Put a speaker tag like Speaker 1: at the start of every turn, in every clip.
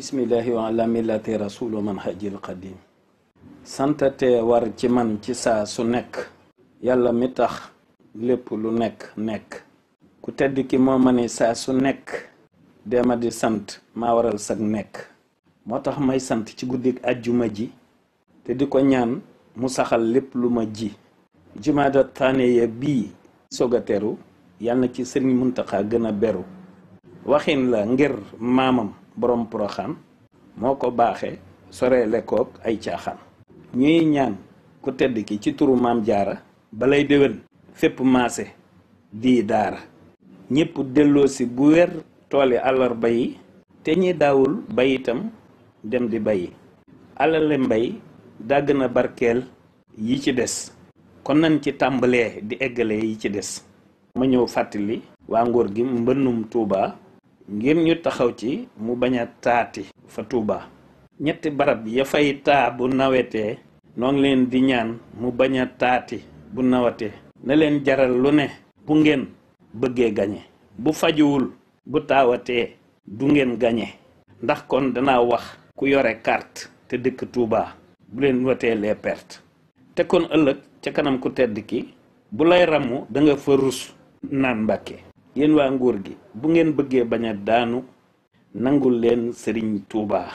Speaker 1: bismillahi wa ala millati rasulu man hajil qadim santate war ci man ci saa su nekk yàlla mi tax lépp lu nekk nekk ku tedd ki moo ma saa su nekk dee di sant ma waral sag nekk moo tax may sant ci guddik àjjuma ji te di ko ñaan mu saxal lépp lu ma ji jumaada bi bii soga teru yàlla ci sëriñ muntaxa gën a beru waxin la ngir maamam borom poroxaan moo ko baaxee soreele koog ay caaxaan ñuy ñaan ku tedd ki ci turu maam jaara balay déwén fépp maase di daara ñépp delloosi bu wér tooli àllarba yi te ñi daawul bay itam dem di bayi alale mbay dàgg na barkeel yi ci des kon nañ ci tàmbalee di eggale yi ci des ma ñëw fàttali waa nguur gi mbënnum Tuuba ngir ñu taxaw ci mu baña taati fa tuba ñetti barab ya fay ta bu nawete no ngi leen di ñaan mu baña taati bu nawate na leen jaral lu ne bu ngeen bëggee gañe bu fajiwul bu tawate du ngeen gañe ndax kon dana wax ku yore carte te dëkk tuba bu leen les pertes te kon ëllëg ca kanam ku tedd ki bu lay ramu da nga fa rus naan yéen waa nguur gi bu ngeen bëggee bañ a daanu nangu leen sëriñ tuubaa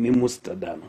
Speaker 1: ni musta daanu